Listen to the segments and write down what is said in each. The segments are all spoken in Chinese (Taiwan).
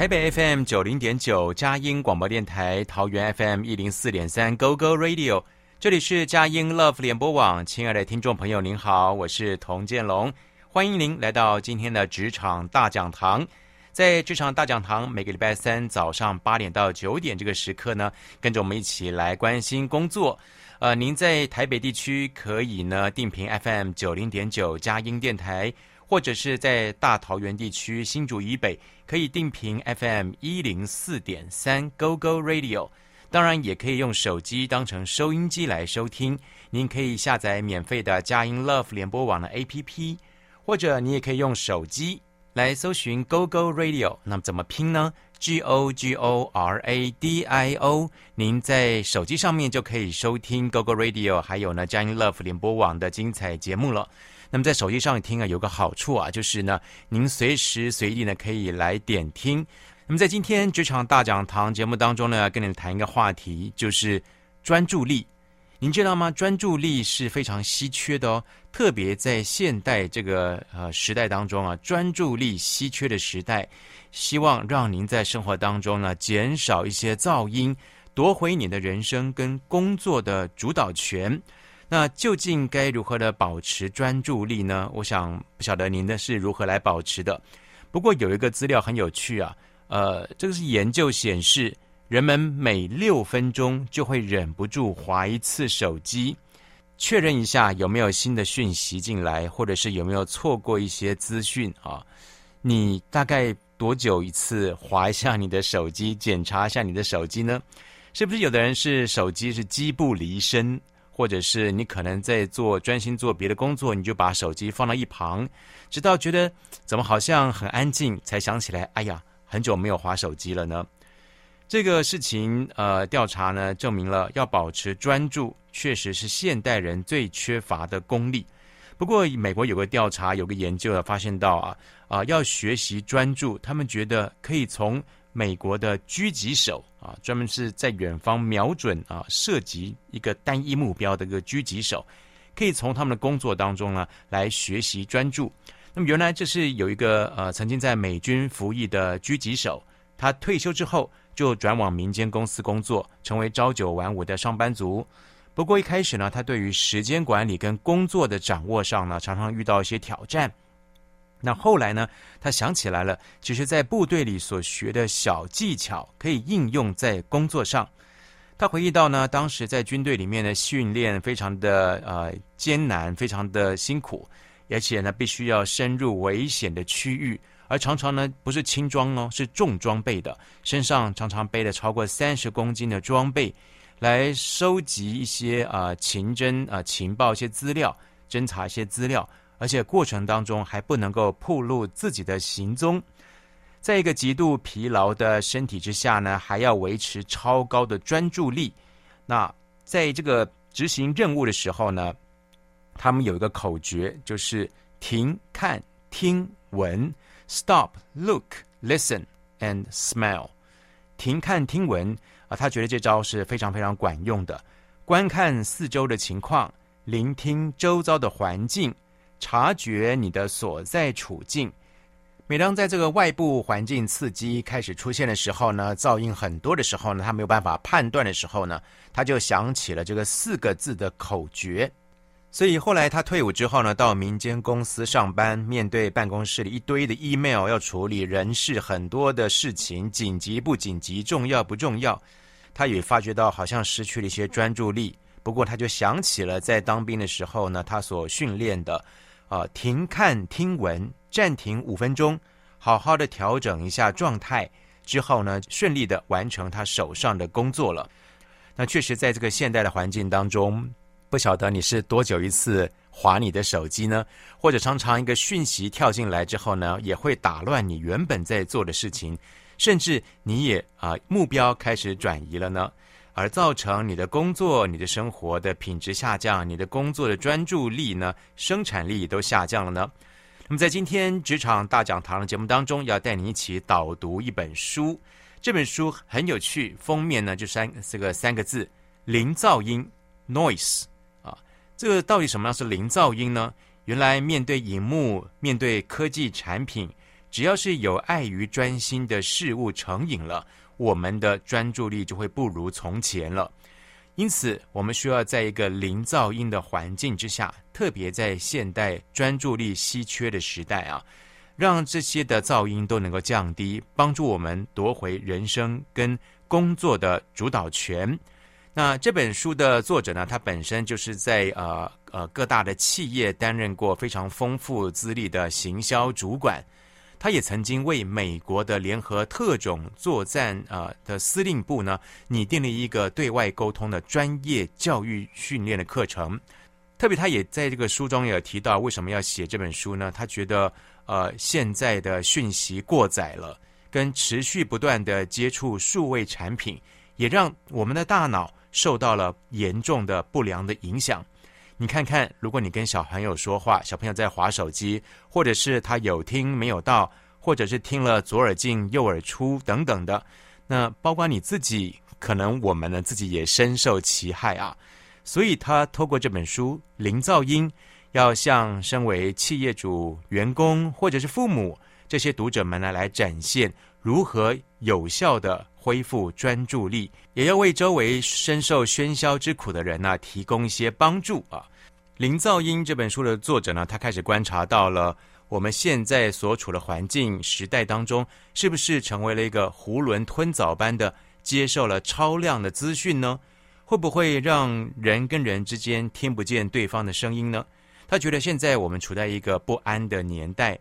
台北 FM 九零點九佳音廣播電台，桃園 FM 一零四點三 GoGo Radio。這裡是佳音 Love 聯播網，親愛的聽眾朋友，您好，我是童建龍，歡迎您來到今天的職場大講堂。在職場大講堂，每個禮拜三早上八點到九點這個時刻呢，跟着我們一起來關心工作。呃，您在台北地區可以呢，定頻 FM 九零點九佳音電台。或者是在大桃園地區新竹以北，可以定頻 FM 一零四點三 Gogo Radio。當然，也可以用手機當成收音機來收聽。您可以下載免費的佳音 Love 聯播網的 APP，或者你也可以用手機來搜尋 Gogo Radio。那麼怎麼拼呢？G O G O R A D I O。您在手機上面就可以收聽 Gogo Radio，還有呢佳音 Love 聯播網的精彩節目了。那麼在手機上聽啊，有個好處啊，就是呢，您隨時隨地呢可以來點聽。那麼在今天職場大講堂節目當中呢，跟您談一個話題，就是專注力。您知道嗎？專注力是非常稀缺的哦，特別在現代這個呃時代當中啊，專注力稀缺的時代。希望讓您在生活當中呢，減少一些噪音，奪回你的人生跟工作的主導權。那究竟該如何的保持專注力呢？我想不曉得您的是如何來保持的。不過有一個資料很有趣啊，呃，這個是研究顯示，人們每六分鐘就會忍不住滑一次手機，確認一下有沒有新的訊息進來，或者是有沒有錯過一些資訊啊。你大概多久一次滑一下你的手機，檢查一下你的手機呢？是不是有的人是手機是機不離身？或者是你可能在做專心做別的工作，你就把手機放到一旁，直到覺得怎麼好像很安靜，才想起來，哎呀，很久沒有滑手機了呢。這個事情呃，調查呢證明了，要保持專注確實是現代人最缺乏的功力。不過美國有個調查，有個研究啊，發現到啊啊、呃、要學習專注，他們覺得可以從。美國的狙擊手啊，專門是在遠方瞄準啊，射擊一個單一目標的一個狙擊手，可以從他們的工作當中呢來學習專注。那麼原來這是有一個呃曾經在美軍服役的狙擊手，他退休之後就轉往民間公司工作，成為朝九晚五的上班族。不過一開始呢，他對於時間管理跟工作的掌握上呢，常常遇到一些挑戰。那後來呢，他想起來了，其實，在部隊裡所學的小技巧可以應用在工作上。他回憶到呢，當時在軍隊裡面呢，訓練非常的呃艱難，非常的辛苦，而且呢，必須要深入危險的區域，而常常呢，不是輕裝哦，是重裝備的，身上常常背着超過三十公斤的裝備，來收集一些啊、呃、情偵啊、呃、情報、一些資料、偵查一些資料。而且過程當中還不能夠暴露自己的行蹤，在一個極度疲勞的身體之下呢，還要維持超高的專注力。那在這個執行任務的時候呢，他們有一個口訣，就是“停、看、聽、聞 ”（Stop, Look, Listen and Smell）。停、看、聽、聞啊，他覺得這招是非常非常管用的。觀看四周的情況，聆聽周遭的環境。察覺你的所在處境。每當在這個外部環境刺激開始出現的時候呢，噪音很多的時候呢，他沒有辦法判斷的時候呢，他就想起了這個四個字的口訣。所以後來他退伍之後呢，到民間公司上班，面對辦公室裡一堆的 email 要處理，人事很多的事情，緊急不緊急，重要不重要，他也發覺到好像失去了一些專注力。不過他就想起了在當兵的時候呢，他所訓練的。啊、呃，停看聽聞，暫停五分鐘，好好的調整一下狀態之後呢，順利的完成他手上的工作了。那確實在這個現代的環境當中，不曉得你是多久一次滑你的手機呢？或者常常一個訊息跳進來之後呢，也會打亂你原本在做的事情，甚至你也啊、呃、目標開始轉移了呢。而造成你的工作、你的生活的品質下降，你的工作的專注力呢、生產力也都下降了呢？那麼在今天職場大講堂的節目當中，要帶你一起導讀一本書。這本書很有趣，封面呢就三是三個三個字“零噪音” 啊。這個到底什麼樣是零噪音呢？原來面對熒幕、面對科技產品，只要是有礙於專心的事物成癮了。我們的專注力就會不如從前了，因此我們需要在一個零噪音的環境之下，特別在現代專注力稀缺的時代啊，讓這些的噪音都能夠降低，幫助我們奪回人生跟工作的主導權。那這本書的作者呢，他本身就是在呃呃各大的企業擔任過非常豐富資歷的行銷主管。他也曾經為美國的聯合特種作戰啊的司令部呢，擬定了一個對外溝通的專業教育訓練的課程。特別，他也在這個書中也有提到，為什麼要寫這本書呢？他覺得，呃，現在的訊息過載了，跟持續不斷的接觸數位產品，也讓我們的大腦受到了嚴重的不良的影響。你看看，如果你跟小朋友說話，小朋友在滑手機，或者是他有聽沒有到，或者是聽了左耳進右耳出等等的，那包括你自己，可能我們呢自己也深受其害啊。所以他透過這本書《零噪音》，要向身為企業主、員工或者是父母這些讀者們呢，來展現如何有效的。恢復專注力，也要為周圍深受喧囂之苦的人呢、啊、提供一些幫助啊！《零噪音》這本書的作者呢，他開始觀察到了我們現在所處的環境時代當中，是不是成為了一個囫圇吞棗般的接受了超量的資訊呢？會不會讓人跟人之間聽不見對方的聲音呢？他覺得現在我們處在一個不安的年代。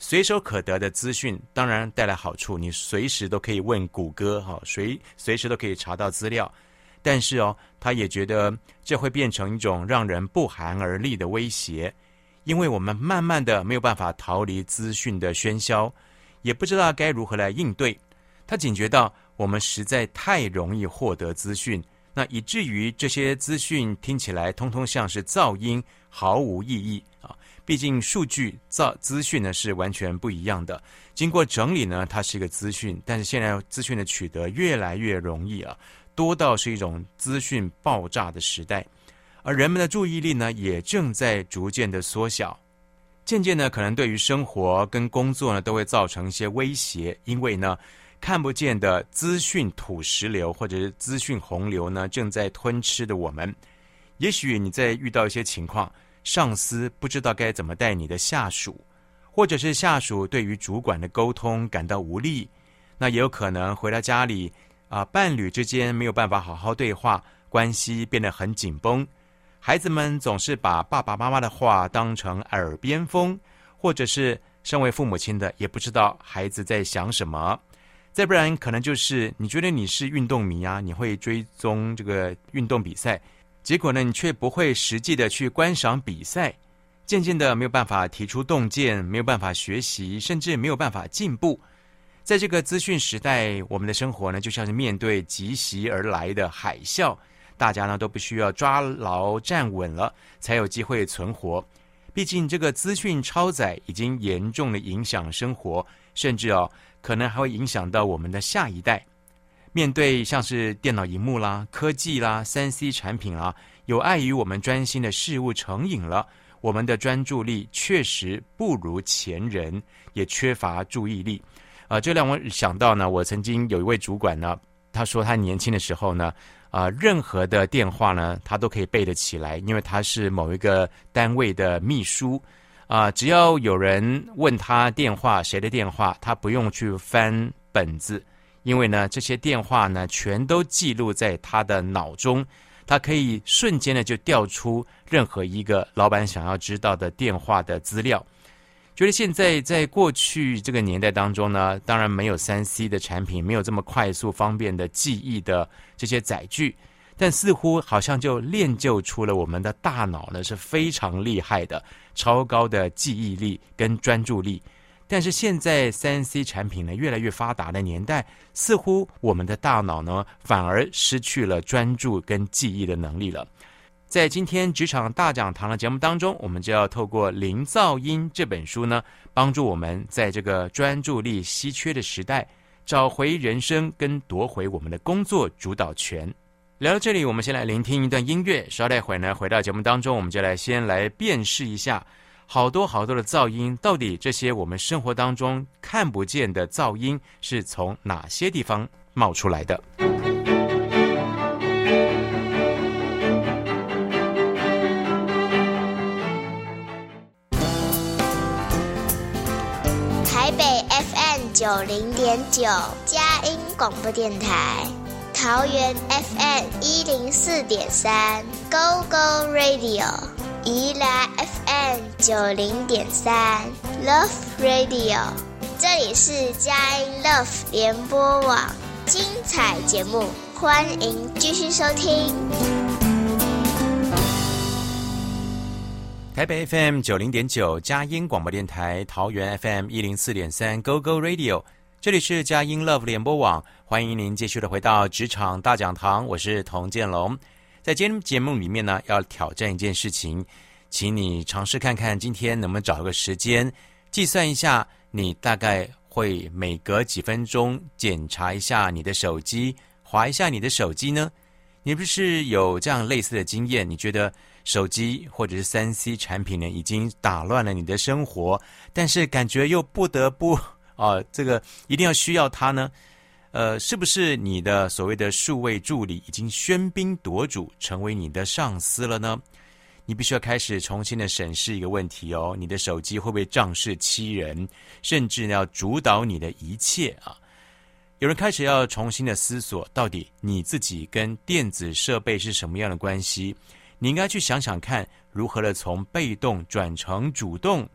隨手可得的資訊，當然帶來好處，你隨時都可以問谷歌哈，隨隨時都可以查到資料。但是哦，他也覺得這會變成一種讓人不寒而慄的威脅，因為我們慢慢的沒有辦法逃離資訊的喧囂，也不知道該如何來應對。他警覺到我們實在太容易獲得資訊，那以至於這些資訊聽起來通通像是噪音，毫無意義啊。畢竟，數據、造資訊呢是完全不一樣的。經過整理呢，它是一個資訊。但是現在資訊的取得越來越容易啊，多到是一種資訊爆炸的時代，而人們的注意力呢也正在逐漸的縮小，漸漸呢可能對於生活跟工作呢都會造成一些威脅，因為呢看不見的資訊土石流或者是資訊洪流呢正在吞吃的我們。也許你在遇到一些情況。上司不知道該怎麼帶你的下屬，或者是下屬對於主管的溝通感到無力，那也有可能回到家裡啊，伴侶之間沒有辦法好好對話，關係變得很緊繃。孩子們總是把爸爸媽媽的話當成耳邊風，或者是身為父母親的也不知道孩子在想什麼。再不然，可能就是你覺得你是運動迷啊，你會追蹤這個運動比賽。結果呢，你卻不會實際的去觀賞比賽，漸漸的沒有辦法提出洞見，沒有辦法學習，甚至沒有辦法進步。在這個資訊時代，我們的生活呢，就像是面對急襲而來的海嘯，大家呢都不需要抓牢站穩了，才有機會存活。畢竟這個資訊超載已經嚴重的影響生活，甚至哦，可能還會影響到我們的下一代。面對像是電腦熒幕啦、科技啦、三 C 產品啊，有礙於我們專心的事物成癮了，我們的專注力確實不如前人，也缺乏注意力。啊、呃，這讓我想到呢，我曾經有一位主管呢，他說他年輕的時候呢，啊、呃，任何的電話呢，他都可以背得起來，因為他是某一個單位的秘書啊、呃，只要有人問他電話，誰的電話，他不用去翻本子。因為呢，這些電話呢，全都記錄在他的腦中，他可以瞬間的就調出任何一個老闆想要知道的電話的資料。覺得現在在過去這個年代當中呢，當然沒有三 C 的產品，沒有這麼快速方便的記憶的這些載具，但似乎好像就練就出了我們的大腦呢是非常厲害的，超高的記憶力跟專注力。但是現在 3C 產品呢，越來越發達的年代，似乎我們的大腦呢反而失去了專注跟記憶的能力了。在今天職場大講堂的節目當中，我們就要透過《零噪音》這本書呢，幫助我們在這個專注力稀缺的時代，找回人生跟奪回我們的工作主導權。聊到這裡，我們先來聆聽一段音樂，稍待會呢回到節目當中，我們就來先來辨識一下。好多好多的噪音，到底這些我們生活當中看不見的噪音是從哪些地方冒出來的？台北 FM 九零點九，佳音廣播電台；桃園 FM 一零四點三，Go Go Radio。宜蘭 FM 九零點三 Love Radio，這裡是佳音 Love 聯播網，精彩節目，歡迎繼續收聽。台北 FM 九零點九佳音廣播電台，桃園 FM 一零四點三 GoGo Radio，這裡是佳音 Love 聯播網，歡迎您繼續的回到職場大講堂，我是童建龍。在今天節目裡面呢，要挑戰一件事情，請你嘗試看看今天能不能找個時間，計算一下你大概會每隔幾分鐘檢查一下你的手機，滑一下你的手機呢？你不是有這樣類似的經驗？你覺得手機或者是三 C 產品呢，已經打亂了你的生活，但是感覺又不得不啊、呃，這個一定要需要它呢？呃，是不是你的所謂的數位助理已經喧賓奪主，成為你的上司了呢？你必須要開始重新的審視一個問題哦，你的手機會不會仗勢欺人，甚至呢要主導你的一切啊？有人開始要重新的思索，到底你自己跟電子設備是什麼樣的關係？你應該去想想看，如何的從被動轉成主動。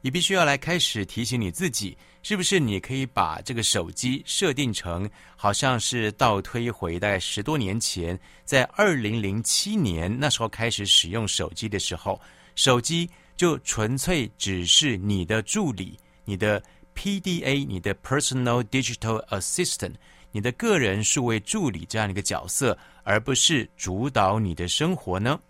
你必須要來開始提醒你自己。是不是你可以把這個手機設定成，好像是倒推回在十多年前，在二零零七年那時候開始使用手機的時候，手機就純粹只是你的助理、你的 PDA、你的 Personal Digital Assistant、你的個人數位助理這樣一個角色，而不是主導你的生活呢？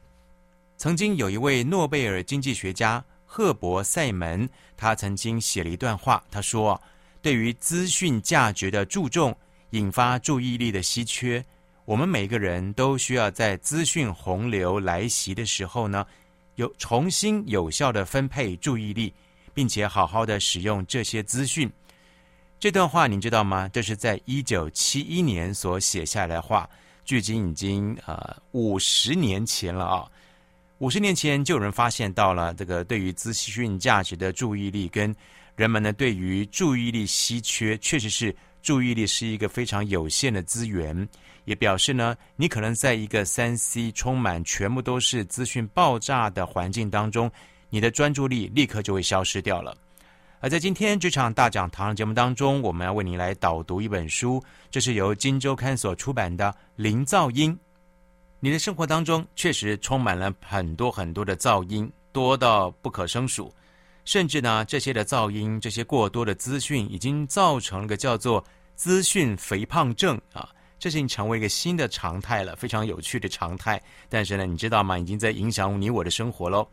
曾經有一位諾貝爾經濟學家。赫伯·塞門，他曾經寫了一段話，他說：“對於資訊價值的注重，引發注意力的稀缺，我們每個人都需要在資訊洪流來襲的時候呢，有重新有效的分配注意力，並且好好的使用這些資訊。”這段話你知道嗎？這是在一九七一年所寫下來的話，距今已經呃五十年前了啊、哦。五十年前就有人發現到了這個對於資訊價值的注意力，跟人們呢對於注意力稀缺，確實是注意力是一個非常有限的資源。也表示呢，你可能在一個三 C 充滿全部都是資訊爆炸的環境當中，你的專注力立刻就會消失掉了。而在今天這場大講堂的節目當中，我們要為您來導讀一本書，這是由今周刊所出版的《零噪音》。你的生活當中確實充滿了很多很多的噪音，多到不可勝數，甚至呢，這些的噪音，這些過多的資訊，已經造成了個叫做資訊肥胖症啊，這已經成為一個新的常態了，非常有趣的常態。但是呢，你知道嗎？已經在影響你我的生活嘍。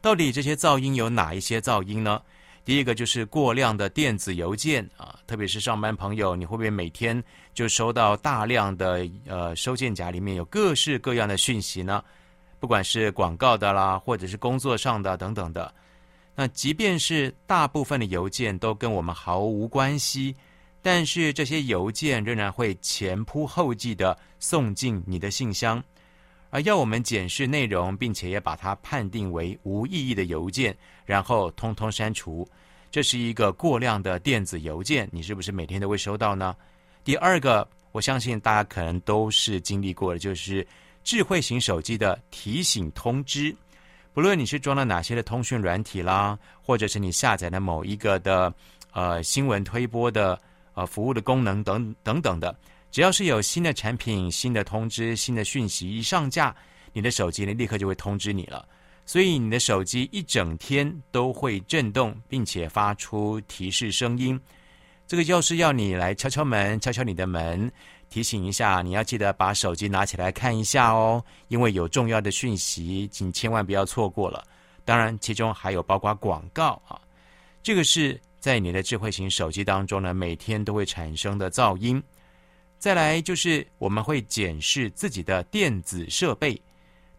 到底這些噪音有哪一些噪音呢？第一個就是過量的電子郵件啊，特別是上班朋友，你會不會每天就收到大量的呃收件夾裡面有各式各樣的訊息呢？不管是廣告的啦，或者是工作上的等等的。那即便是大部分的郵件都跟我們毫無關係，但是這些郵件仍然會前仆後繼的送進你的信箱，而要我們檢視內容，並且也把它判定為無意義的郵件，然後通通刪除。這是一個過量的電子郵件，你是不是每天都會收到呢？第二個，我相信大家可能都是經歷過的，就是智慧型手機的提醒通知，不論你是裝了哪些的通訊軟體啦，或者是你下載的某一個的呃新聞推播的呃服務的功能等等等的，只要是有新的產品、新的通知、新的訊息一上架，你的手機呢立刻就會通知你了。所以你的手機一整天都會震動，並且發出提示聲音。這個就是要你來敲敲門，敲敲你的門，提醒一下你要記得把手機拿起來看一下哦，因為有重要的訊息，請千萬不要錯過了。當然，其中還有包括廣告啊，這個是在你的智慧型手機當中呢，每天都會產生的噪音。再來就是我們會檢視自己的電子設備。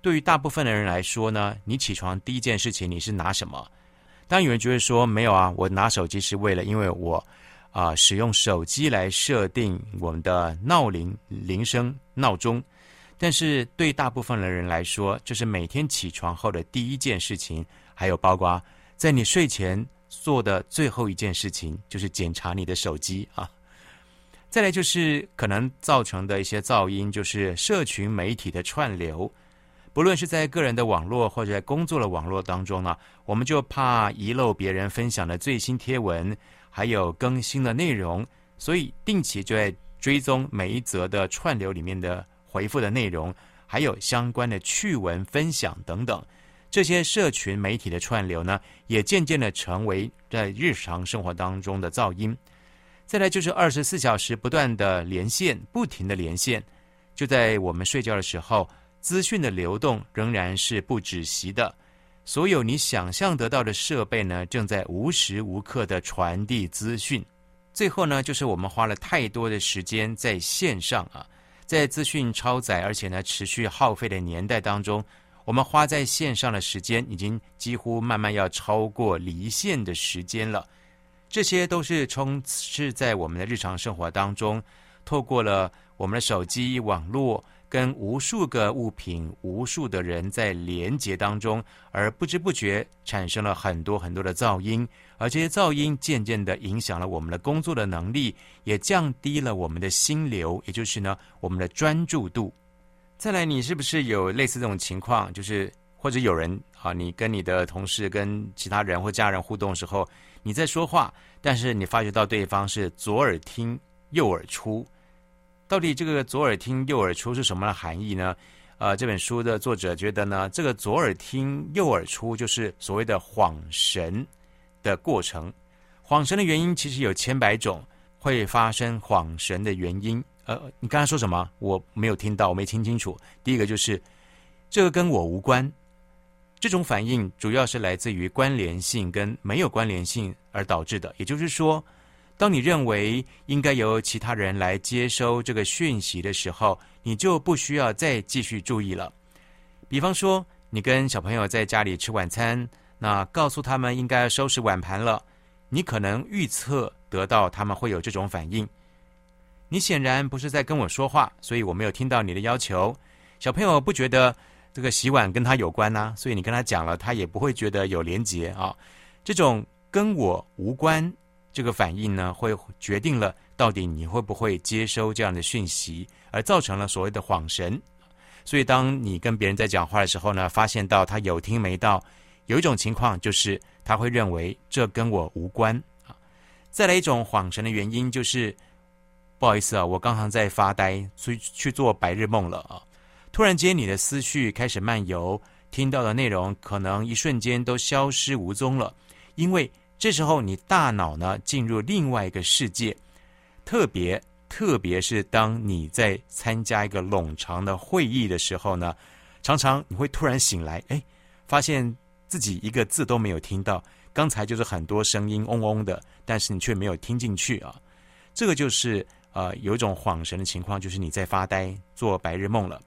對於大部分的人來說呢，你起床第一件事情你是拿什麼？當然有人就會說沒有啊，我拿手機是為了因為我啊、呃、使用手機來設定我們的鬧鈴、鈴聲、鬧鐘。但是對大部分的人來說，就是每天起床後的第一件事情，還有包括在你睡前做的最後一件事情，就是檢查你的手機啊。再來就是可能造成的一些噪音，就是社群媒體的串流。不論是在個人的網絡或者在工作的網絡當中呢，我們就怕遺漏別人分享的最新貼文，還有更新的內容，所以定期就在追蹤每一則的串流裡面的回復的內容，還有相關的趣聞分享等等。這些社群媒體的串流呢，也漸漸的成為在日常生活當中的噪音。再來就是二十四小時不斷的連線，不停的連線，就在我們睡覺的時候。資訊的流動仍然是不止息的，所有你想象得到的設備呢，正在無時無刻地傳遞資訊。最後呢，就是我們花了太多的時間在線上啊，在資訊超載而且呢持續耗費的年代當中，我們花在線上的時間已經幾乎慢慢要超過離線的時間了。這些都是充斥在我們的日常生活當中，透過了我們的手機網絡。跟無數個物品、無數的人在連接當中，而不知不覺產生了很多很多的噪音，而這些噪音漸漸地影響了我們的工作的能力，也降低了我們的心流，也就是呢，我們的專注度。再來，你是不是有類似這種情況？就是或者有人啊，你跟你的同事、跟其他人或家人互動的時候，你在說話，但是你發覺到對方是左耳聽、右耳出。到底這個左耳聽右耳出是什麼樣的含義呢？呃，這本書的作者覺得呢，這個左耳聽右耳出就是所謂的恍神的過程。恍神的原因其實有千百種，會發生恍神的原因。呃，你剛才說什麼？我沒有聽到，我沒聽清楚。第一個就是這個跟我無關。這種反應主要是來自於關聯性跟沒有關聯性而導致的。也就是說。當你認為應該由其他人來接收這個訊息的時候，你就不需要再繼續注意了。比方說，你跟小朋友在家裡吃晚餐，那告訴他們應該收拾碗盤了，你可能預測得到他們會有這種反應。你顯然不是在跟我說話，所以我沒有聽到你的要求。小朋友不覺得這個洗碗跟他有關呢，所以你跟他講了，他也不會覺得有連結啊。這種跟我無關。這個反應呢，會決定了到底你會不會接收這樣的訊息，而造成了所謂的恍神。所以，當你跟別人在講話的時候呢，發現到他有聽沒到，有一種情況就是他會認為這跟我無關啊。再來一種恍神的原因就是，不好意思啊，我剛剛在發呆，所以去做白日夢了啊。突然間，你的思緒開始漫遊，聽到的內容可能一瞬間都消失無蹤了，因為。這時候，你大腦呢，進入另外一個世界，特別特別是當你在參加一個冗長的會議的時候呢，常常你會突然醒來，哎，發現自己一個字都沒有聽到，剛才就是很多聲音嗡嗡的，但是你卻沒有聽進去啊。這個就是呃，有一種恍神的情況，就是你在發呆、做白日夢了。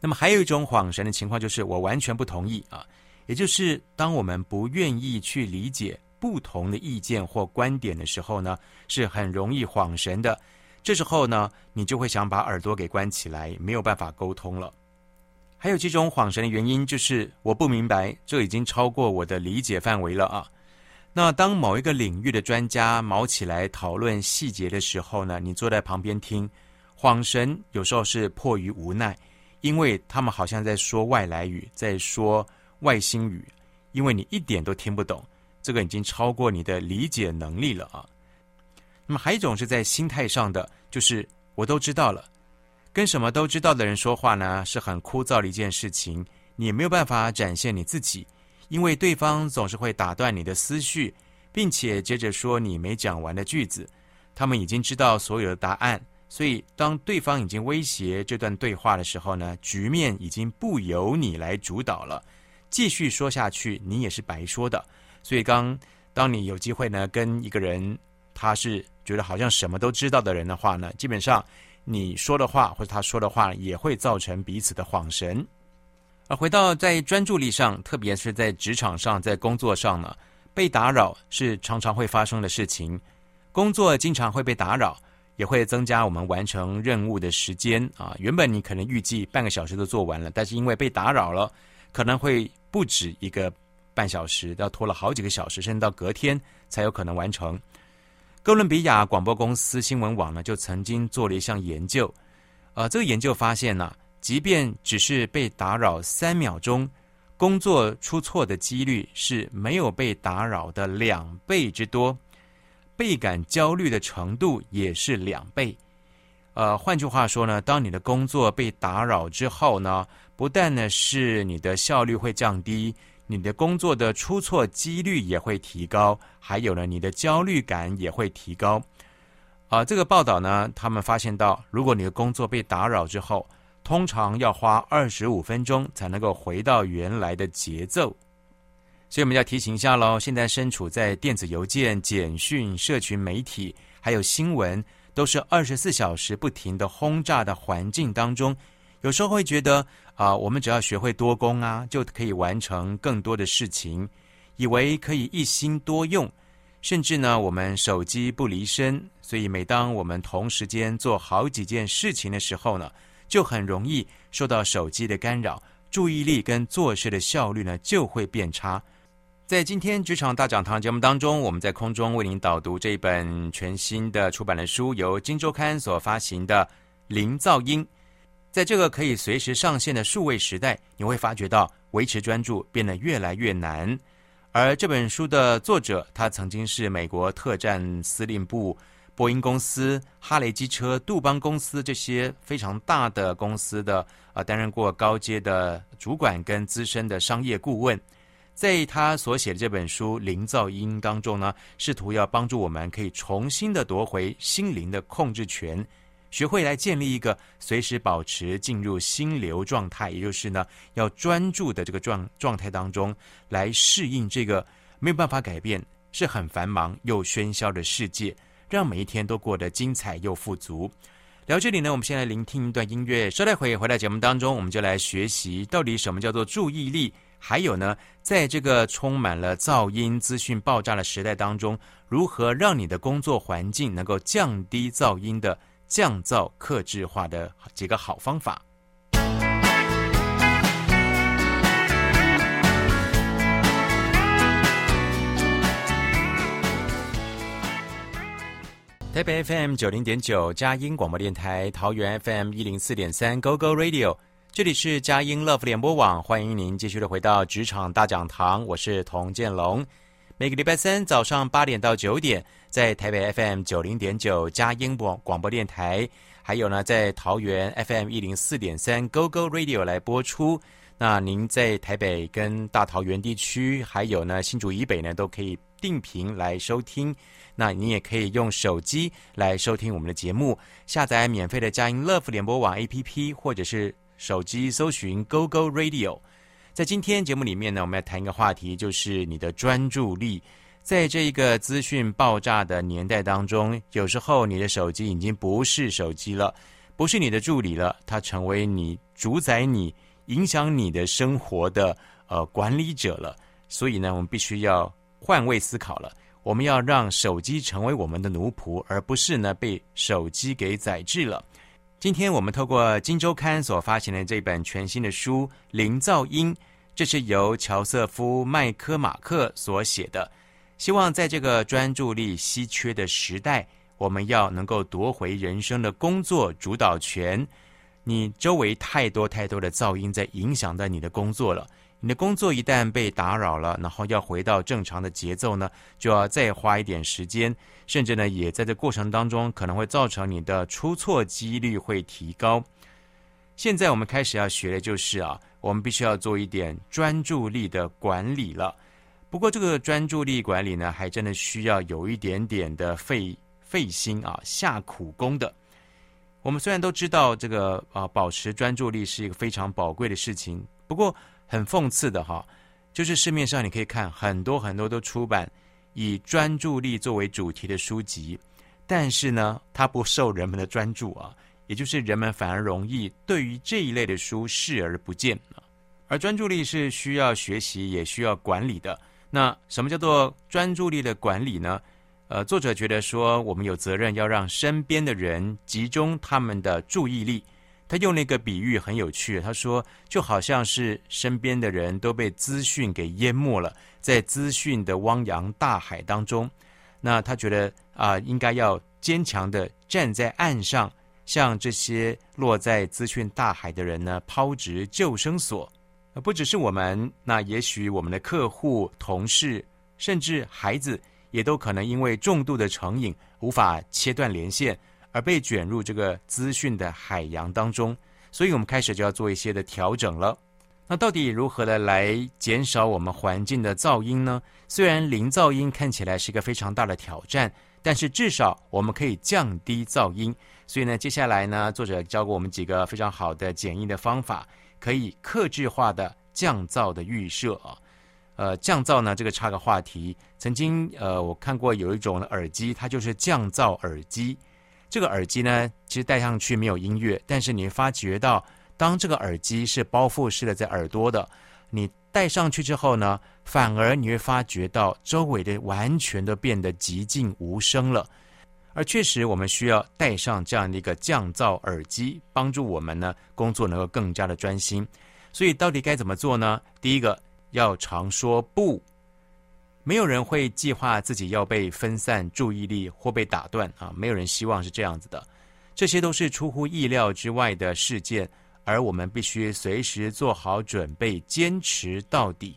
那麼還有一種恍神的情況，就是我完全不同意啊，也就是當我們不願意去理解。不同的意見或觀點的時候呢，是很容易恍神的。這時候呢，你就會想把耳朵給關起來，沒有辦法溝通了。還有幾種恍神的原因，就是我不明白，這已經超過我的理解範圍了啊。那當某一個領域的專家卯起來討論細節的時候呢，你坐在旁邊聽，恍神有時候是迫於無奈，因為他們好像在說外來語，在說外星語，因為你一點都聽不懂。這個已經超過你的理解能力了啊！那麼還有一種是在心態上的，就是我都知道了。跟什麼都知道的人說話呢，是很枯燥的一件事情。你也沒有辦法展現你自己，因為對方總是會打斷你的思緒，並且接着說你沒講完的句子。他們已經知道所有的答案，所以當對方已經威脅這段對話的時候呢，局面已經不由你來主導了。繼續說下去，你也是白說的。所以剛，剛當你有機會呢，跟一個人他是覺得好像什麼都知道的人的話呢，基本上你說的話或者他說的話也會造成彼此的恍神。而回到在專注力上，特別是在職場上，在工作上呢，被打擾是常常會發生的事情。工作經常會被打擾，也會增加我們完成任務的時間啊。原本你可能預計半個小時都做完了，但是因為被打擾了，可能會不止一個。半小時要拖了好幾個小時，甚至到隔天才有可能完成。哥倫比亞廣播公司新聞網呢，就曾經做了一項研究，呃，這個研究發現呢，即便只是被打擾三秒鐘，工作出錯的幾率是沒有被打擾的兩倍之多，倍感焦慮的程度也是兩倍。呃，換句話說呢，當你的工作被打擾之後呢，不但呢是你的效率會降低。你的工作的出錯幾率也會提高，還有呢，你的焦慮感也會提高。啊、呃，這個報道呢，他們發現到，如果你的工作被打擾之後，通常要花二十五分鐘才能夠回到原來的節奏。所以我們要提醒一下嘍，現在身處在電子郵件、簡訊、社群媒體還有新聞都是二十四小時不停的轟炸的環境當中。有時候會覺得啊、呃，我們只要學會多工啊，就可以完成更多的事情，以為可以一心多用，甚至呢，我們手機不離身，所以每當我們同時間做好幾件事情的時候呢，就很容易受到手機的干擾，注意力跟做事的效率呢就會變差。在今天職場大講堂節目當中，我們在空中為您導讀這本全新的出版的書，由《今周刊》所發行的《零噪音》。在這個可以隨時上線的數位時代，你會發覺到維持專注變得越來越難。而這本書的作者，他曾經是美國特戰司令部、波音公司、哈雷機車、杜邦公司這些非常大的公司的啊、呃，擔任過高階的主管跟資深的商業顧問。在他所寫的這本書《零噪音》當中呢，試圖要幫助我們可以重新的奪回心靈的控制權。學會來建立一個隨時保持進入心流狀態，也就是呢，要專注的這個狀狀態當中，來適應這個沒有辦法改變、是很繁忙又喧囂的世界，讓每一天都過得精彩又富足。聊這裡呢，我們先來聆聽一段音樂，稍待會回到節目當中，我們就來學習到底什麼叫做注意力，還有呢，在這個充滿了噪音、資訊爆炸的時代當中，如何讓你的工作環境能夠降低噪音的。降噪客製化的幾個好方法。台北 FM 九零點九佳音廣播電台，桃園 FM 一零四點三 GoGo Radio，這裡是佳音樂福聯播網，歡迎您繼續的回到職場大講堂，我是童建龍，每個禮拜三早上八點到九點。在台北 FM 九零點九佳音廣廣播電台，還有呢，在桃園 FM 一零四點三 GO GO Radio 來播出。那您在台北跟大桃園地區，還有呢新竹以北呢，都可以定頻來收聽。那您也可以用手機來收聽我們的節目，下載免費的佳音 Love 聯播網 APP，或者是手機搜尋 GO GO Radio。在今天節目裡面呢，我們要談一個話題，就是你的專注力。在這一個資訊爆炸的年代當中，有時候你的手機已經不是手機了，不是你的助理了，它成為你主宰你、你影響你的生活的呃管理者了。所以呢，我們必須要換位思考了。我們要讓手機成為我們的奴僕，而不是呢被手機給宰制了。今天我們透過《今周刊》所發行的這本全新的書《零噪音》，這是由喬瑟夫·麥柯馬克所寫的。希望在這個專注力稀缺的時代，我們要能夠奪回人生的工作主導權。你周圍太多太多的噪音在影響到你的工作了，你的工作一旦被打擾了，然後要回到正常的節奏呢，就要再花一點時間，甚至呢，也在這過程當中可能會造成你的出錯幾率會提高。現在我們開始要學的就是啊，我們必須要做一點專注力的管理了。不過，這個專注力管理呢，還真的需要有一點點的費費心啊，下苦功的。我們雖然都知道這個啊，保持專注力是一個非常寶貴的事情，不過很諷刺的哈，就是市面上你可以看很多很多都出版以專注力作為主題的書籍，但是呢，它不受人們的專注啊，也就是人們反而容易對於這一類的書視而不見。而專注力是需要學習，也需要管理的。那什麼叫做專注力的管理呢？呃，作者覺得說，我們有責任要讓身邊的人集中他們的注意力。他用那個比喻，很有趣。他說，就好像是身邊的人都被資訊給淹沒了，在資訊的汪洋大海當中。那他覺得啊，呃，應該要堅強的站在岸上，向這些落在資訊大海的人呢，拋擲救生索。而不只是我們，那也許我們的客戶、同事，甚至孩子，也都可能因為重度的成癮，無法切斷連線，而被捲入這個資訊的海洋當中。所以，我們開始就要做一些的調整了。那到底如何的來減少我們環境的噪音呢？雖然零噪音看起來是一個非常大的挑戰，但是至少我們可以降低噪音。所以呢，接下來呢，作者教過我們幾個非常好的簡易的方法。可以客製化的降噪的預設啊，呃，降噪呢，這個插個話題。曾經呃，我看過有一種耳機，它就是降噪耳機。這個耳機呢，其實戴上去沒有音樂，但是你會發覺到，當這個耳機是包覆式的在耳朵的，你戴上去之後呢，反而你會發覺到周圍的完全都變得寂靜無聲了。而確實，我們需要戴上這樣的一個降噪耳機，幫助我們呢，工作能夠更加的專心。所以，到底該怎麼做呢？第一個要常說不，沒有人會計劃自己要被分散注意力或被打斷啊，沒有人希望是這樣子的。這些都是出乎意料之外的事件，而我們必須隨時做好準備，堅持到底。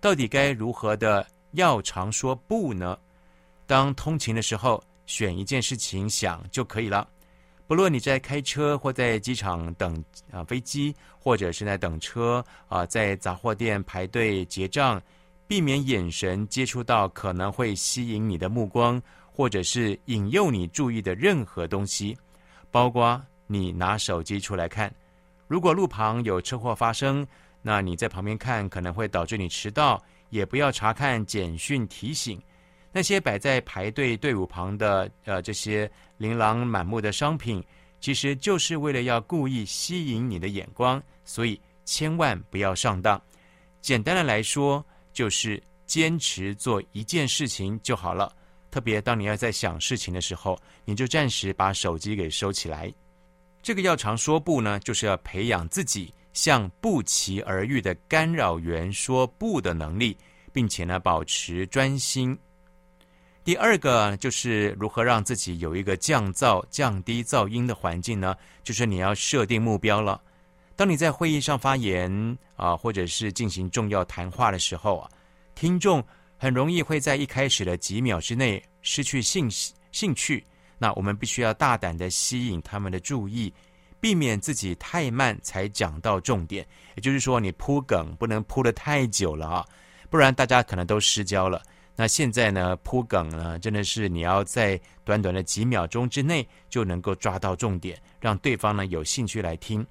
到底該如何的要常說不呢？當通勤的時候。選一件事情想就可以了。不論你在開車或在機場等啊飛機，或者是在等車啊，在雜貨店排隊結賬，避免眼神接觸到可能會吸引你的目光，或者是引誘你注意的任何東西，包括你拿手機出來看。如果路旁有車禍發生，那你在旁邊看可能會導致你遲到，也不要查看簡訊提醒。那些擺在排隊隊伍旁的，呃，這些琳琅滿目的商品，其實就是為了要故意吸引你的眼光，所以千萬不要上當。簡單的來說，就是堅持做一件事情就好了。特別當你要在想事情的時候，你就暫時把手機給收起來。這個要常說不呢，就是要培養自己向不期而遇的干擾源說不的能力，並且呢，保持專心。第二個就是如何讓自己有一個降噪、降低噪音的環境呢？就是你要設定目標了。當你在會議上發言啊，或者是進行重要談話的時候啊，聽眾很容易會在一開始的幾秒之內失去興興趣。那我們必須要大膽的吸引他們的注意，避免自己太慢才講到重點。也就是說你，你鋪梗不能鋪的太久了啊，不然大家可能都失焦了。那現在呢，鋪梗呢，真的是你要在短短的幾秒鐘之內就能夠抓到重點，讓對方呢有興趣來聽。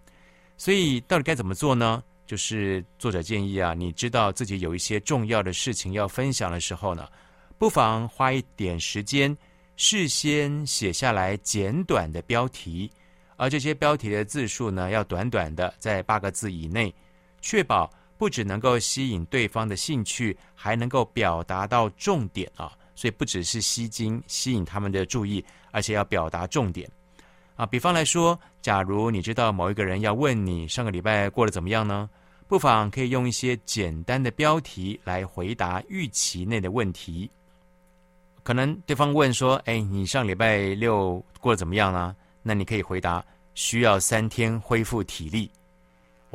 所以到底該怎麼做呢？就是作者建議啊，你知道自己有一些重要的事情要分享的時候呢，不妨花一點時間事先寫下來簡短的標題，而這些標題的字數呢要短短的在八個字以內，確保。不只能夠吸引對方的興趣，還能夠表達到重點啊！所以不只是吸睛、吸引他們的注意，而且要表達重點啊。比方來說，假如你知道某一個人要問你上個禮拜過得怎麼樣呢？不妨可以用一些簡單的標題來回答預期內的問題。可能對方問說：“哎，你上禮拜六過得怎麼樣呢？”那你可以回答：“需要三天恢復體力。”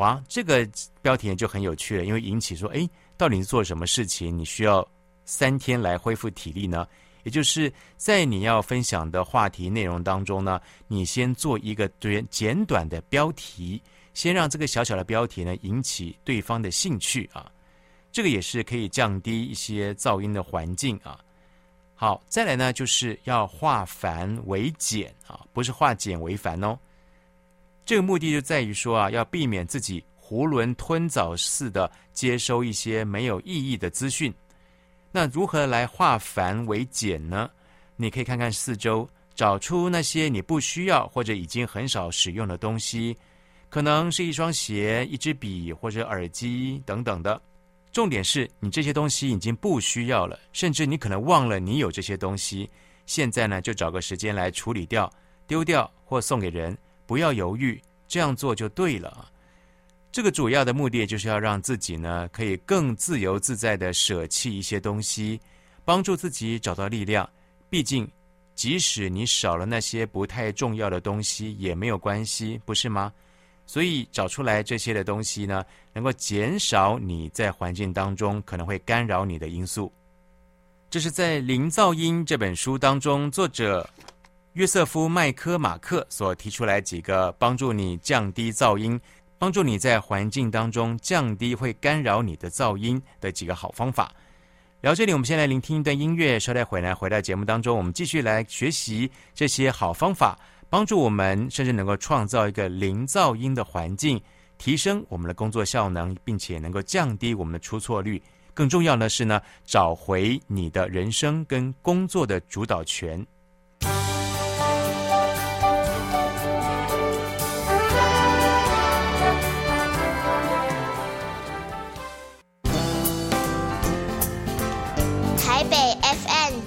哇，這個標題就很有趣了，因為引起說，誒，到底是做什麼事情？你需要三天來恢復體力呢？也就是在你要分享的話題內容當中呢，你先做一個短簡短的標題，先讓這個小小的標題呢，引起對方的興趣啊。這個也是可以降低一些噪音的環境啊。好，再來呢，就是要化繁為簡啊，不是化簡為繁哦。這個目的就在於說啊，要避免自己囫圇吞棗似的接收一些沒有意義的資訊。那如何來化繁為簡呢？你可以看看四周，找出那些你不需要或者已經很少使用的東西，可能是一雙鞋、一支筆或者耳機等等的。重點是你這些東西已經不需要了，甚至你可能忘了你有這些東西。現在呢，就找個時間來處理掉，丟掉或送給人。不要猶豫，這樣做就對了。這個主要的目的就是要讓自己呢，可以更自由自在的捨棄一些東西，幫助自己找到力量。畢竟，即使你少了那些不太重要的東西，也沒有關係，不是嗎？所以，找出來這些的東西呢，能夠減少你在環境當中可能會干擾你的因素。這是在《零噪音》這本書當中，作者。約瑟夫·麥柯馬克所提出來幾個幫助你降低噪音、幫助你在環境當中降低會干擾你的噪音的幾個好方法。然後這裡，我們先來聆聽一段音樂，稍待回來。回到節目當中，我們繼續來學習這些好方法，幫助我們甚至能夠創造一個零噪音的環境，提升我們的工作效能，並且能夠降低我們的出錯率。更重要的是呢，找回你的人生跟工作的主導權。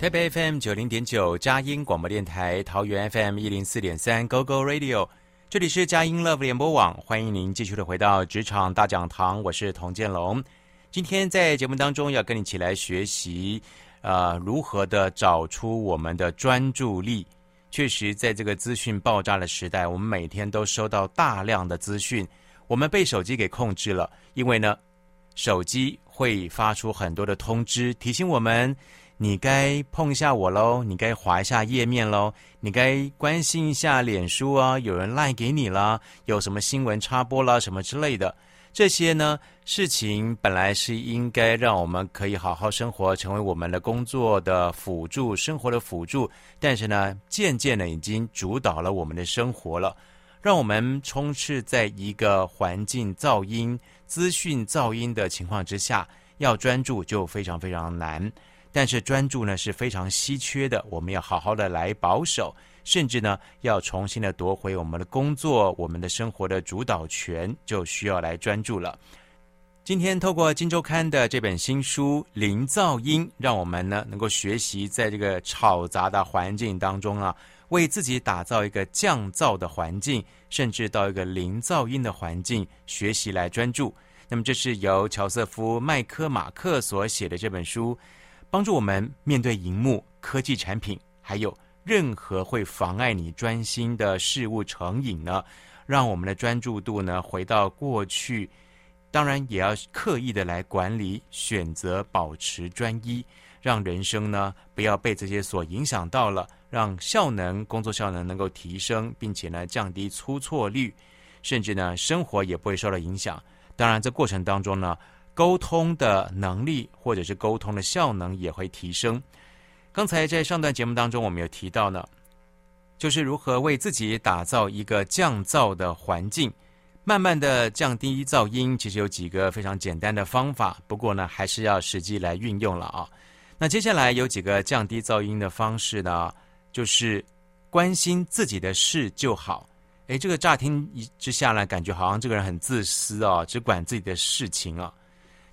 台北 FM 九零點九，佳音廣播電台，桃園 FM 一零四點三 GoGo Radio，這裡是佳音 Love 聯播網，歡迎您繼續的回到職場大講堂，我是童建龍。今天在節目當中要跟你一起來學習，呃，如何的找出我們的專注力。確實，在這個資訊爆炸的時代，我們每天都收到大量的資訊，我們被手機給控制了，因為呢，手機會發出很多的通知提醒我們。你該碰一下我嘍，你該滑一下頁面嘍，你該關心一下臉書啊，有人賴給你啦，有什麼新聞插播啦，什麼之類的。這些呢，事情本來是應該讓我們可以好好生活，成為我們的工作的輔助，生活的輔助。但是呢，漸漸的已經主導了我們的生活了，讓我們充斥在一個環境噪音、資訊噪音的情況之下，要專注就非常非常難。但是專注呢是非常稀缺的，我們要好好的來保守，甚至呢要重新的奪回我們的工作、我們的生活的主導權，就需要來專注了。今天透過《今周刊》的這本新書《零噪音》，讓我們呢能夠學習，在這個吵雜的環境當中啊，為自己打造一個降噪的環境，甚至到一個零噪音的環境，學習來專注。那麼這是由喬瑟夫·麥柯馬克所寫的這本書。幫助我們面對熒幕、科技產品，還有任何會妨礙你專心的事物成癮呢，讓我們的專注度呢回到過去，當然也要刻意的來管理、選擇、保持專一，讓人生呢不要被這些所影響到了，讓效能、工作效能能夠提升，並且呢降低出錯率，甚至呢生活也不會受到影響。當然，這過程當中呢。溝通的能力或者是溝通的效能也會提升。剛才在上段節目當中，我們有提到呢，就是如何為自己打造一個降噪的環境，慢慢的降低噪音。其實有幾個非常簡單的方法，不過呢，還是要實際來運用了啊。那接下來有幾個降低噪音的方式呢？就是關心自己的事就好。誒，這個乍聽之下呢，感覺好像這個人很自私哦，只管自己的事情啊。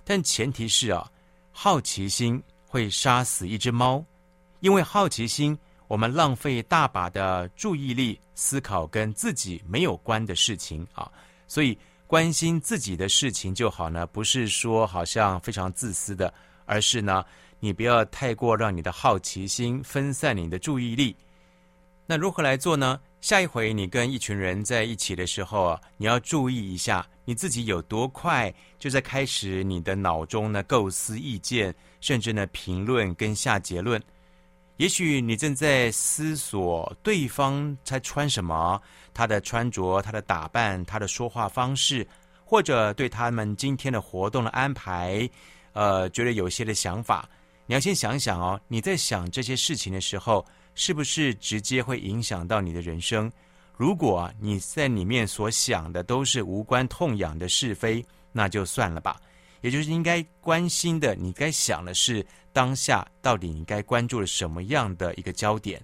但前提是啊，好奇心會殺死一隻貓，因為好奇心，我們浪費大把的注意力思考跟自己沒有關的事情啊，所以關心自己的事情就好呢，不是說好像非常自私的，而是呢，你不要太過讓你的好奇心分散你的注意力。那如何來做呢？下一回你跟一群人在一起的時候啊，你要注意一下。你自己有多快就在開始你的腦中呢構思意見，甚至呢評論跟下結論。也許你正在思索對方在穿什麼，他的穿着、他的打扮、他的說話方式，或者對他們今天的活動的安排，呃，覺得有些的想法。你要先想想哦，你在想這些事情的時候，是不是直接會影響到你的人生？如果你在裡面所想的都是無關痛癢的是非，那就算了吧。也就是應該關心的，你該想的是當下到底你該關注了什麼樣的一個焦點。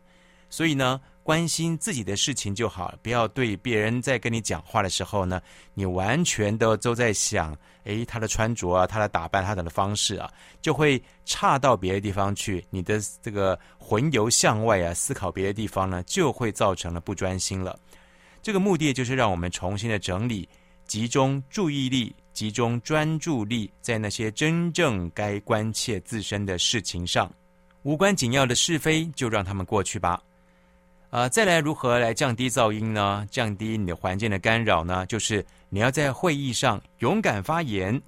所以呢，關心自己的事情就好，不要對別人在跟你講話的時候呢，你完全的都在想，誒、哎，他的穿着啊，他的打扮，他的方式啊，就會岔到別的地方去。你的這個魂遊向外啊，思考別的地方呢，就會造成了不專心了。這個目的就是讓我們重新的整理，集中注意力，集中專注力在那些真正該關切自身的事情上，無關緊要的是非就讓他們過去吧。啊、呃，再來如何來降低噪音呢？降低你的環境的干擾呢？就是你要在會議上勇敢發言。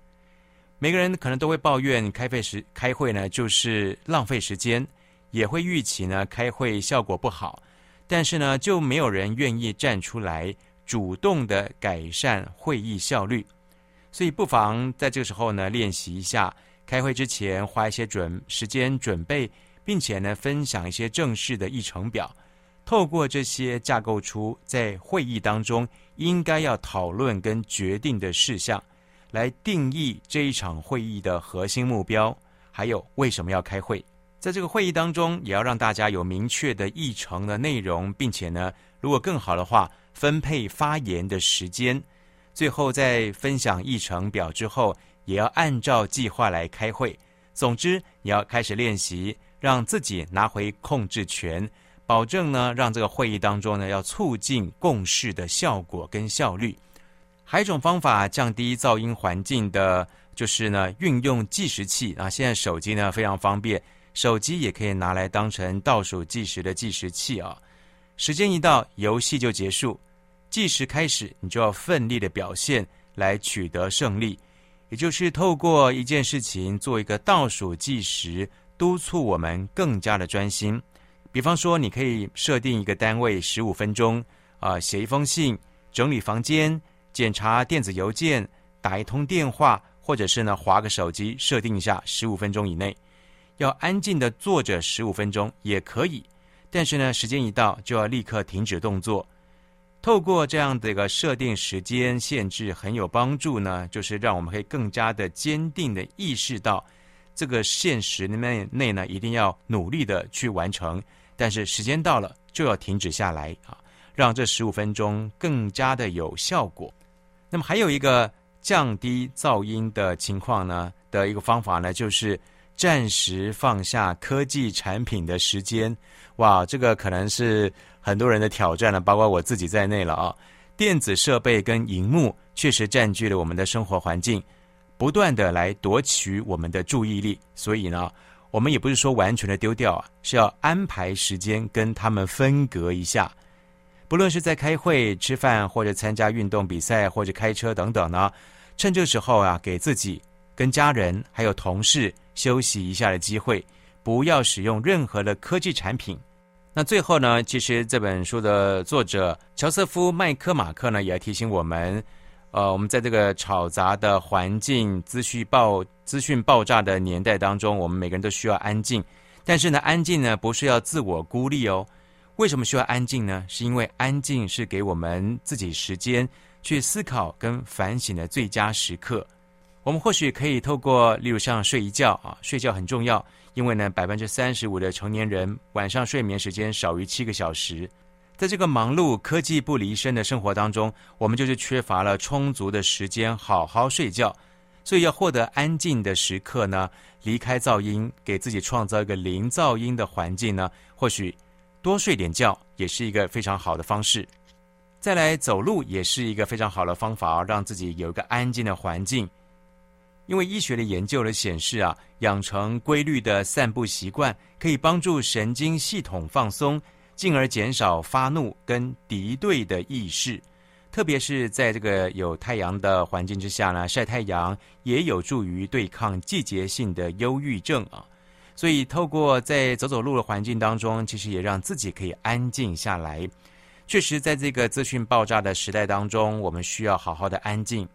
每個人可能都會抱怨開會時開會呢，就是浪費時間，也會預期呢開會效果不好。但是呢，就沒有人願意站出來主動的改善會議效率，所以不妨在這個時候呢，練習一下。開會之前花一些準時間準備，並且呢，分享一些正式的議程表。透過這些架構出在會議當中應該要討論跟決定的事項，來定義這一場會議的核心目標，還有為什麼要開會。在這個會議當中，也要讓大家有明確的議程的內容，並且呢，如果更好的話，分配發言的時間。最後在分享議程表之後，也要按照計劃來開會。總之，你要開始練習，讓自己拿回控制權，保證呢，讓這個會議當中呢，要促進共事的效果跟效率。還有一種方法降低噪音環境的，就是呢，運用計時器啊。現在手機呢，非常方便。手機也可以拿來當成倒數計時的計時器啊！時間一到，遊戲就結束；計時開始，你就要奮力的表現來取得勝利。也就是透過一件事情做一個倒數計時，督促我們更加的專心。比方說，你可以設定一個單位十五分鐘啊，寫一封信、整理房間、檢查電子郵件、打一通電話，或者是呢，滑個手機，設定一下十五分鐘以內。要安靜的坐着十五分鐘也可以，但是呢，時間一到就要立刻停止動作。透過這樣的一個設定時間限制很有幫助呢，就是讓我們可以更加的堅定的意識到這個限時內內呢，一定要努力的去完成，但是時間到了就要停止下來啊，讓這十五分鐘更加的有效果。那麼還有一個降低噪音的情況呢的一個方法呢，就是。暫時放下科技產品的時間，哇，這個可能是很多人的挑戰了，包括我自己在內了啊。電子設備跟熒幕確實占據了我們的生活環境，不斷的來奪取我們的注意力。所以呢，我們也不是說完全的丟掉啊，是要安排時間跟他們分隔一下。不論是在開會、吃飯，或者參加運動比賽，或者開車等等呢，趁這時候啊，給自己、跟家人還有同事。休息一下的機會，不要使用任何的科技產品。那最後呢，其實這本書的作者喬瑟夫·麥柯馬克呢，也要提醒我們，呃，我們在這個吵雜的環境、資訊爆、資訊爆炸的年代當中，我們每個人都需要安靜。但是呢，安靜呢，不是要自我孤立哦。為什麼需要安靜呢？是因為安靜是給我們自己時間去思考跟反省的最佳時刻。我們或許可以透過，例如像睡一覺啊，睡覺很重要，因為呢，百分之三十五的成年人晚上睡眠時間少於七個小時。在這個忙碌、科技不離身的生活當中，我們就是缺乏了充足的時間好好睡覺。所以，要獲得安靜的時刻呢，離開噪音，給自己創造一個零噪音的環境呢，或許多睡點覺也是一個非常好的方式。再來，走路也是一個非常好的方法，讓自己有一個安靜的環境。因為醫學的研究了顯示啊，養成規律的散步習慣，可以幫助神經系統放鬆，進而減少發怒跟敵對的意識。特別是在這個有太陽的環境之下呢，曬太陽也有助於對抗季節性的憂鬱症啊。所以，透過在走走路的環境當中，其實也讓自己可以安靜下來。確實，在這個資訊爆炸的時代當中，我們需要好好的安靜。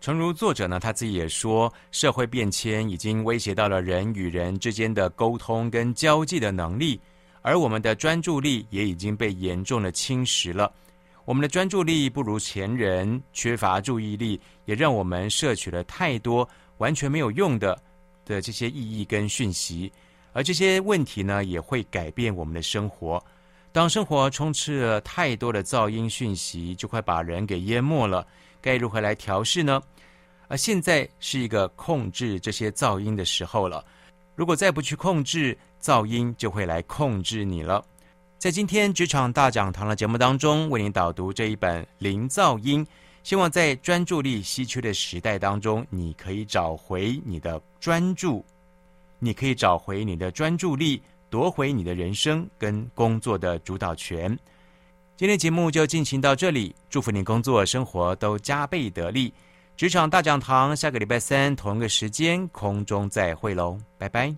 誠如作者呢，他自己也說，社會變遷已經威脅到了人與人之間的溝通跟交際的能力，而我們的專注力也已經被嚴重的侵蝕了。我們的專注力不如前人，缺乏注意力也讓我們攝取了太多完全沒有用的的這些意義跟訊息，而這些問題呢，也會改變我們的生活。當生活充斥了太多的噪音訊息，就快把人給淹沒了。該如何來調試呢？而、啊、現在是一個控制這些噪音的時候了。如果再不去控制噪音，就會來控制你了。在今天職場大講堂的節目當中，為您導讀這一本《零噪音》，希望在專注力稀缺的時代當中，你可以找回你的專注，你可以找回你的專注力，奪回你的人生跟工作的主導權。今天節目就進行到這裡，祝福你工作生活都加倍得力。職場大講堂，下個禮拜三同一個時間，空中再會嘍，拜拜。